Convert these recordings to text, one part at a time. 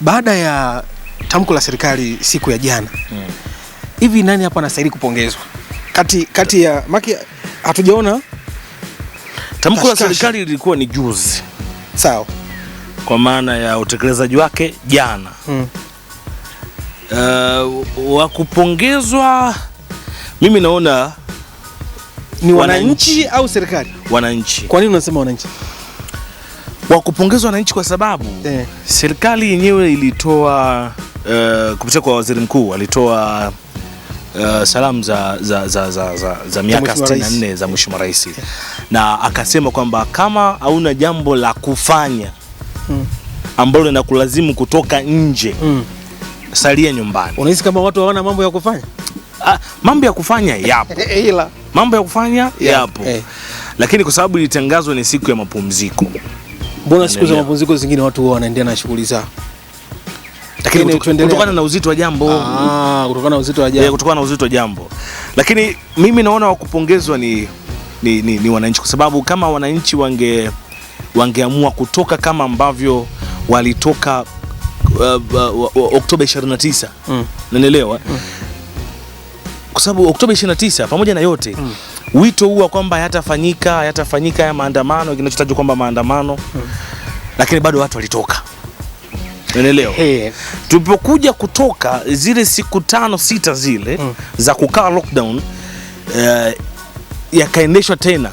Baada ya tamko la serikali siku ya jana hmm. hivi hmm, nani hapa anastahili kupongezwa kati, kati ya maki? Hatujaona tamko la serikali, lilikuwa ni juzi, sawa, kwa maana ya utekelezaji wake jana hmm. Uh, wa kupongezwa mimi naona ni wananchi, wananchi au serikali? Wananchi. Kwa nini unasema wananchi? wa kupongezwa wananchi kwa sababu eh, serikali yenyewe ilitoa uh, kupitia kwa waziri mkuu alitoa uh, salamu za, za, za, za, za, za miaka 64 za mheshimiwa rais yeah, na akasema kwamba kama hauna jambo la kufanya mm, ambalo linakulazimu kutoka nje mm, salia nyumbani. Unahisi kama watu hawana mambo ya kufanya? Ah, mambo ya kufanya yapo. Ila mambo ya kufanya yapo, yeah, eh, lakini kwa sababu ilitangazwa ni siku ya mapumziko Mbona siku za mapumziko zingine watu wanaendelea na shughuli zao? Lakini kutokana na uzito wa jambo, ah, kutokana na uzito wa eh, jambo, kutokana na uzito wa jambo. Lakini mimi naona wa kupongezwa ni, ni, ni, ni wananchi kwa sababu kama wananchi wange wangeamua kutoka kama ambavyo walitoka uh, uh, uh, Oktoba 29 mm. mm. Kwa sababu Oktoba 29 pamoja na yote mm wito huu wa kwamba hayatafanyika hayatafanyika ya maandamano, kinachotajwa kwamba maandamano hmm. Lakini bado watu walitoka, unaelewa. Tulipokuja kutoka zile siku tano sita zile hmm. za kukaa lockdown uh, yakaendeshwa tena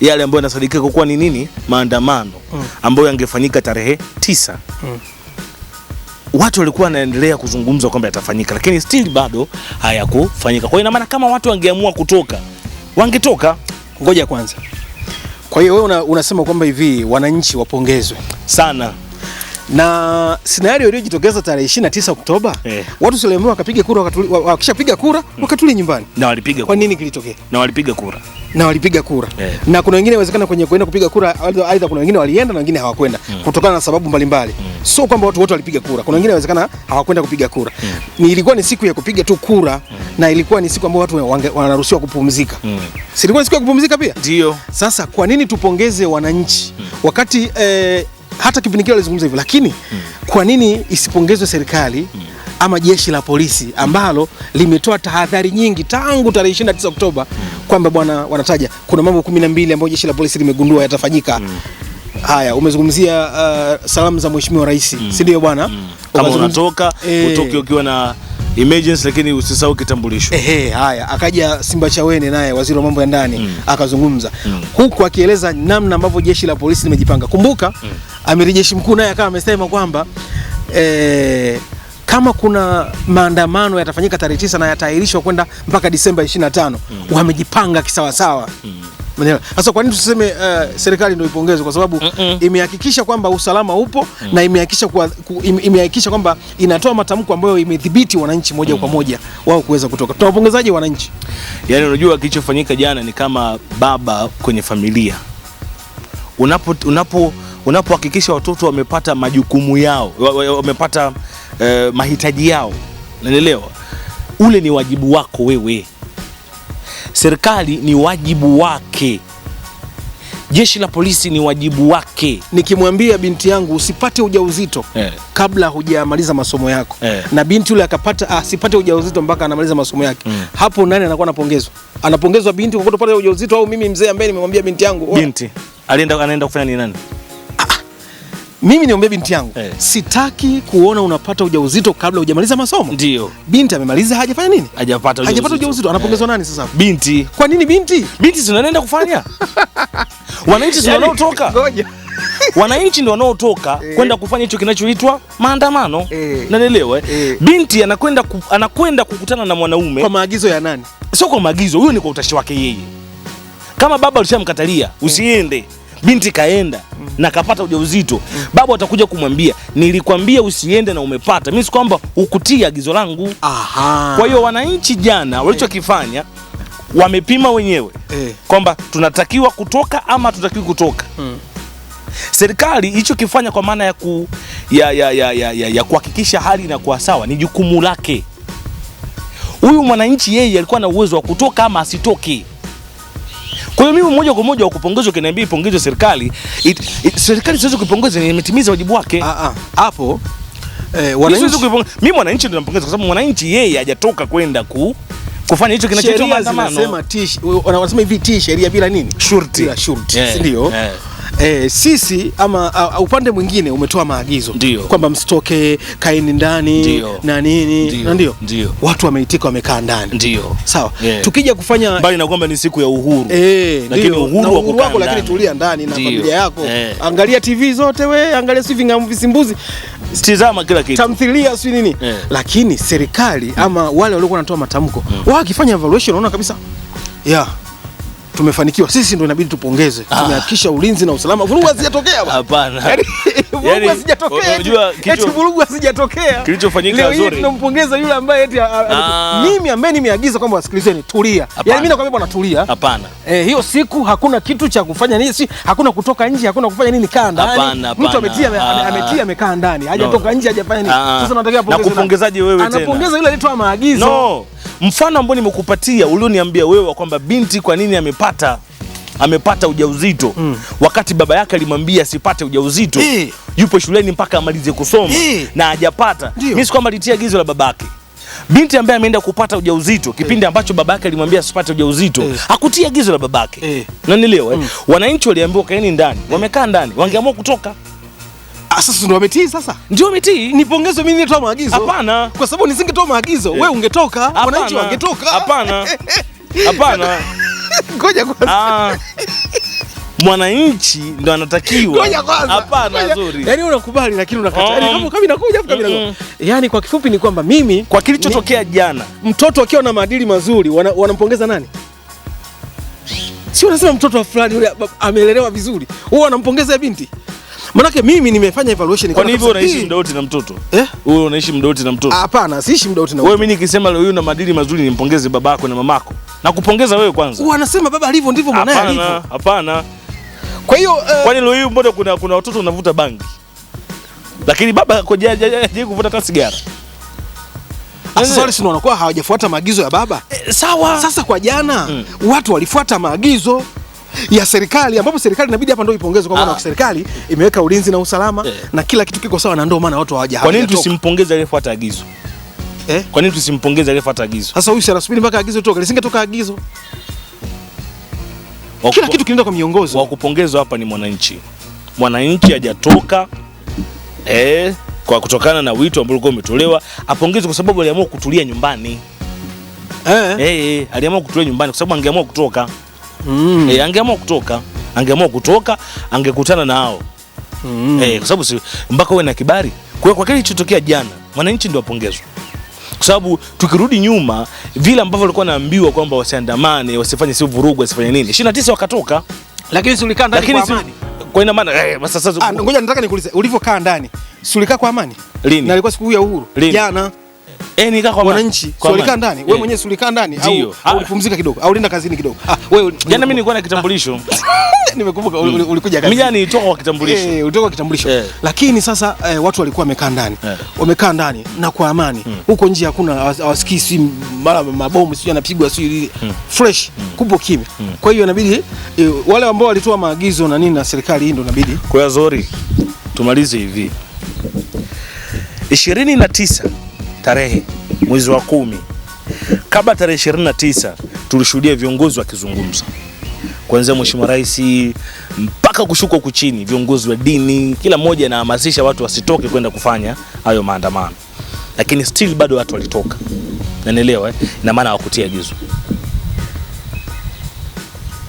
yale ambayo yanasadikika kukuwa ni nini maandamano hmm. ambayo yangefanyika tarehe tisa hmm watu walikuwa wanaendelea kuzungumza kwamba yatafanyika, lakini still bado hayakufanyika. Kwa hiyo ina maana kama watu wangeamua kutoka wangetoka. Ngoja kwanza. Kwa hiyo wewe una, unasema kwamba hivi wananchi wapongezwe sana na scenario iliyojitokeza tarehe 29 Oktoba eh, watu waliamua wakapiga kura wakishapiga kura mm. wakatuli nyumbani. Na walipiga. Kwa nini kilitokea? Na walipiga kura na walipiga kura yeah. Na kuna wengine inawezekana kwenye kuenda kupiga kura, aidha kuna wengine walienda na wengine hawakwenda mm. kutokana na sababu mbalimbali mm. Sio kwamba watu wote walipiga kura, kuna wengine inawezekana hawakwenda kupiga kura mm. Ni ilikuwa ni siku ya kupiga tu kura mm. Na ilikuwa ni siku ambayo watu wanaruhusiwa kupumzika mm. Si ilikuwa ni siku ya kupumzika pia? Ndio. Sasa kwa nini tupongeze wananchi mm. wakati eh, hata kipindi kile walizungumza hivyo, lakini mm. kwa nini isipongezwe serikali mm ama jeshi la polisi ambalo limetoa tahadhari nyingi tangu tarehe 29 Oktoba mm kwamba bwana, wanataja kuna mambo kumi na mbili ambayo jeshi la polisi limegundua yatafanyika mm. Haya, umezungumzia uh, salamu za mheshimiwa rais mm. si ndio bwana mm. kama unatoka ee, utoke ukiwa na emergency lakini usisahau kitambulisho. Ehe, haya akaja Simba Chawene naye waziri wa mambo ya ndani mm. akazungumza mm. huku akieleza namna ambavyo jeshi la polisi limejipanga. Kumbuka mm. amiri jeshi mkuu naye akawa amesema kwamba eh, kama kuna maandamano yatafanyika tarehe tisa na yataahirishwa kwenda mpaka Disemba 25 mm. wamejipanga kisawasawa mm. Sasa kwa nini tuseme uh, serikali ndio ipongezwe kwa sababu mm -mm. imehakikisha kwamba usalama upo mm. na imehakikisha kwa, imehakikisha kwamba inatoa matamko ambayo imedhibiti wananchi moja mm. kwa moja wao kuweza kutoka. Tunawapongezaje wananchi? Yaani, unajua kilichofanyika jana ni kama baba kwenye familia unapo unapo unapohakikisha watoto wamepata majukumu yao, wamepata uh, mahitaji yao, unaelewa? Ule ni wajibu wako wewe, serikali ni wajibu wake, jeshi la polisi ni wajibu wake. Nikimwambia binti yangu usipate ujauzito eh, kabla hujamaliza masomo yako eh, na binti yule akapata ah, asipate ah, ujauzito mpaka anamaliza masomo yake mm, hapo nani anakuwa anapongezwa? Anapongezwa binti kwa kutopata ujauzito, au mimi mzee ambaye nimemwambia binti yangu binti alienda anaenda kufanya ni nani? mimi niombe binti yangu eh, sitaki kuona unapata ujauzito kabla hujamaliza masomo. Ndio binti amemaliza, hajafanya nini? Hajapata ujauzito, hajapata ujauzito. Anapongezwa eh, nani sasa? Binti. Kwa nini binti? Binti zinaenda kufanya wananchi yani, wanaotoka wananchi ndio wanaotoka e, kwenda kufanya hicho kinachoitwa maandamano e, eh. nanelewa e. Eh? Binti anakwenda ku, anakwenda kukutana na mwanaume kwa maagizo ya nani? Sio kwa maagizo, huyo ni kwa utashi wake yeye. Kama baba alishamkatalia usiende e binti kaenda mm. na kapata ujauzito mm. baba atakuja kumwambia nilikwambia usiende na umepata, mimi si kwamba ukutii agizo langu. Kwa hiyo wananchi jana walichokifanya wamepima wenyewe hey. Eh. kwamba tunatakiwa kutoka ama tutakiwi kutoka hmm. Serikali ilichokifanya kwa maana ya, ku, ya, ya, ya, ya, ya, ya kuhakikisha hali inakuwa sawa ni jukumu lake. Huyu mwananchi yeye alikuwa na uwezo wa kutoka ama asitoke. Kwa hiyo mimi moja kwa moja ukupongezwa kinaambia ipongezwe serikali, serikali siwezi kuipongeza, imetimiza wajibu wake ah, ah. hapo. Eh, wananchi, mimi mwananchi ndio nampongeza kwa sababu mwananchi yeye hajatoka kwenda ku kufanya hicho kinachoitwa maandamano. Wanasema hivi, tii sheria bila nini? Shurti, bila shurti, eh, si ndio? Eh e, sisi ama a, upande mwingine umetoa maagizo kwamba msitoke, kaeni ndani na nini na ndio watu wameitika, wamekaa ndani. Ndio sawa, yeah. Tukija kufanya bali na kwamba ni siku ya uhuru e, lakini uhuru wako lakini tulia ndani na familia yako e. Angalia TV zote we, angalia vingamu visimbuzi Tizama kila kitu. Tamthilia si nini? Yeah. Lakini serikali ama wale waliokuwa wanatoa matamko, mm. Wao wakifanya evaluation unaona kabisa. Yeah tumefanikiwa sisi, ndo inabidi tupongeze. Ah. Tumehakikisha ulinzi na usalama, vurugu hazijatokea. Hapana, yaani, yaani, vurugu hazijatokea, unajua eti yaani, vurugu hazijatokea. Kilichofanyika nzuri, tunampongeza yule ambaye eti ah. mimi ambaye nimeagiza kwamba wasikilizeni, tulia. Yani mimi nakwambia bwana, tulia. Hapana, eh, hiyo siku hakuna kitu cha kufanya nini, si hakuna kutoka nje, hakuna kufanya nini, kaa ndani. Mtu ametia ah. ametia, amekaa ndani, hajatoka nje, hajafanya nini. Sasa tunatakiwa na kupongezaje wewe tena? Anapongeza yule aliyetoa maagizo. Mfano ambao nimekupatia ulioniambia wewe kwamba binti kwa nini amepata amepata ujauzito mm. wakati baba yake alimwambia asipate ujauzito e. yupo shuleni mpaka amalize kusoma e. na hajapata. Mimi si kwamba alitia agizo la babake binti ambaye ameenda kupata ujauzito eh. kipindi ambacho babake alimwambia asipate ujauzito e. hakutia agizo la babake e. na mm. wananchi waliambiwa kaeni ndani, wamekaa ndani, wangeamua kutoka Ah, sasa ndio wametii sasa. Ndio wametii. Nipongezwe mimi nitoa maagizo. Hapana. Kwa sababu nisingetoa maagizo, yeah. Wewe ungetoka, wananchi wangetoka. Hapana. Hapana. Ngoja kwanza. Ah. Mwananchi ndo anatakiwa. Ngoja kwanza. Hapana nzuri. Yaani unakubali lakini unakataa. Yaani oh. kama kama inakuja hapo kabla. Yaani kwa kifupi ni kwamba mimi kwa kilichotokea jana, mtoto akiwa na maadili mazuri wanampongeza wana nani? Si unasema mtoto wa fulani yule amelelewa vizuri. Wao wanampongeza binti. Manake mimi nimefanya evaluation kwa nini hivyo unaishi mdauti na mtoto? Eh? Wewe unaishi mdauti na mtoto? Hapana, siishi mdauti na wewe. Mimi nikisema leo huyu na madili mazuri nimpongeze babako na mamako. Na kupongeza wewe kwanza. Wanasema baba alivyo ndivyo mwanae alivyo. Hapana, hapana. Kwa hiyo uh... kwani leo huyu mbona kuna kuna watoto wanavuta bangi? Lakini baba hajaje kuvuta hata sigara. Ah, Sasa wanakuwa hawajafuata maagizo ya baba. E, sawa. Sasa kwa jana mm, watu walifuata maagizo ya serikali ambapo serikali inabidi hapa ndio ipongezwe kwa maana ah. serikali imeweka ulinzi na usalama yeah, na kila kitu kiko sawa na ndio maana watu hawaja. Kwa nini tusimpongeze aliyefuata agizo? Eh? Kwa nini tusimpongeze aliyefuata agizo? Sasa huyu anasubiri mpaka agizo toka, lisingetoka agizo. Wakupo, kila kitu kinaenda kwa miongozo. Wa kupongezwa hapa ni mwananchi. Mwananchi hajatoka eh, kwa kutokana na wito ambao ulikuwa umetolewa, apongezwe kwa sababu aliamua kutulia nyumbani. Eh, eh, eh aliamua kutulia nyumbani kwa sababu angeamua kutoka mm. E, angeamua kutoka, angeamua kutoka, angekutana na hao mm. E, kwa sababu si mpaka uwe na kibali. Kwa kwa kile kilichotokea jana, mwananchi ndio apongezwe, kwa sababu tukirudi nyuma, vile ambavyo walikuwa naambiwa kwamba wasiandamane, wasifanye sio vurugu, wasifanye nini, 29 wakatoka, lakini si ulikaa ndani kwa amani. Kwa ina maana eh, sasa ah, ngoja, nataka nikuulize, ulivyokaa ndani, si ulikaa kwa amani? Lini? na ilikuwa siku ya uhuru jana eh, nikaa kwa wananchi. Ulikaa ndani wewe eh. mwenyewe, ulikaa ndani au ah. ulipumzika kidogo au ulienda kazini kidogo? Ah, wewe jana, yaani mimi nilikuwa na kitambulisho nimekumbuka, ulikuja kazini. Mimi jana yaani nilitoka kwa kitambulisho. Eh, ulitoka kwa kitambulisho. Eh. Lakini sasa eh, watu walikuwa wamekaa ndani eh. wamekaa ndani na kwa amani hmm. huko, hmm. nje hakuna hawasikii, si mara mabomu sio yanapigwa sio hmm. fresh hmm. kimya hmm. kwa hiyo inabidi wale ambao walitoa maagizo na nini na serikali hii ndio inabidi kwa zori tumalize hivi 29 tarehe mwezi wa kumi kabla tarehe 29 tulishuhudia viongozi wakizungumza kuanzia Mheshimiwa Rais mpaka kushuka huku chini, viongozi wa dini, kila mmoja anahamasisha watu wasitoke kwenda kufanya hayo maandamano, lakini still bado watu walitoka, nanielewa eh? Ina maana hawakutia agizo.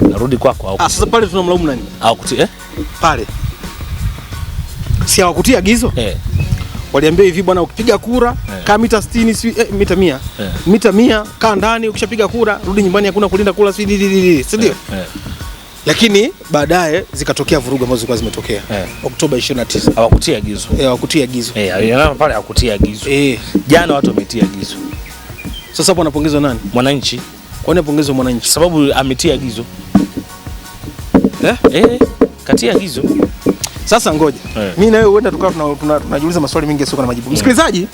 Narudi kwako kwa, ah, sasa pale tunamlaumu nani? Hawakutia eh? pale si hawakutia agizo eh waliambia hivi bwana, ukipiga kura yeah. kaa mita 60 si eh, mita 100 yeah. mita 100 kaa ndani, ukishapiga kura rudi nyumbani, hakuna kulinda kura, si ndio? si ndio? Eh, eh. Lakini baadaye zikatokea vurugu ambazo zilikuwa zimetokea yeah. Oktoba 29 hawakutia agizo eh, hawakutia agizo eh, pale eh, hawakutia agizo eh. Jana watu wametia agizo. Sasa hapo anapongezwa nani? Mwananchi. Kwa nini apongezwe mwananchi? Sababu ametia agizo eh? Eh, katia agizo sasa ngoja yeah. Mimi na wewe huenda tukawa tunajiuliza tuna, tuna maswali mengi yasiyo na majibu yeah. Msikilizaji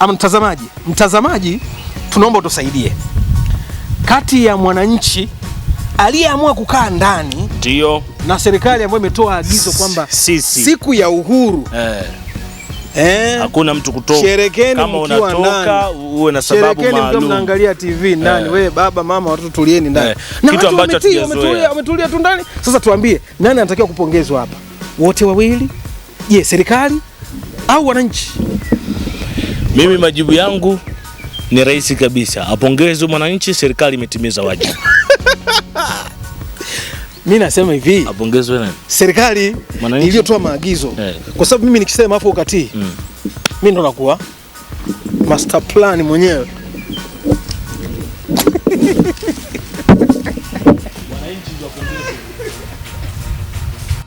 ama mtazamaji, mtazamaji, tunaomba utusaidie kati ya mwananchi aliyeamua kukaa ndani ndio na serikali ambayo imetoa agizo kwamba siku ya uhuru eh. Eh, hakuna mtu kutoka. Sherekeni kama unatoka uwe na sababu maalum. Sherekeni mnaangalia TV eh. ndani eh. Wewe baba mama watoto tulieni ndani eh. Na kitu ambacho hatujazoea wametulia tu ndani. Sasa tuambie nani anatakiwa kupongezwa hapa? wote wawili? Je, serikali au wananchi? Mimi majibu yangu ni rahisi kabisa, apongezwe mwananchi, serikali imetimiza wajibu. mi nasema hivi, apongezwe nani? Serikali iliyotoa maagizo yeah. Kwa sababu mimi nikisema hapo ukatii mm. Mimi ndo nakuwa master plan mwenyewe.